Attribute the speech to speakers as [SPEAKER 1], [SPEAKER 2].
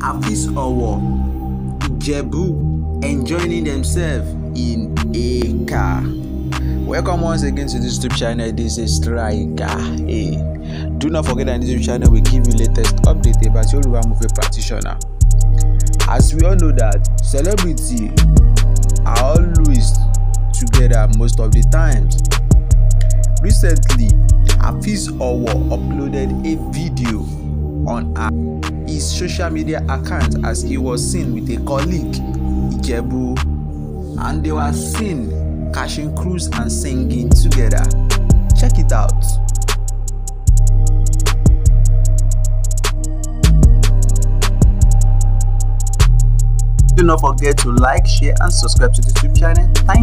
[SPEAKER 1] Afis Owo, Jebu, enjoying themselves in a car. Welcome once again to this YouTube channel. This is Striker. Hey, eh. do not forget that in this YouTube channel we give you latest update about your Yoruba movie practitioner. As we all know that celebrity are always together most of the times. Recently, Afis Owo uploaded a video on her his social media account as he was seen with a colleague, Ijebu, and they were seen catching cruise and singing together. Check it out.
[SPEAKER 2] Do not forget to like, share and subscribe to the YouTube
[SPEAKER 3] channel. Thank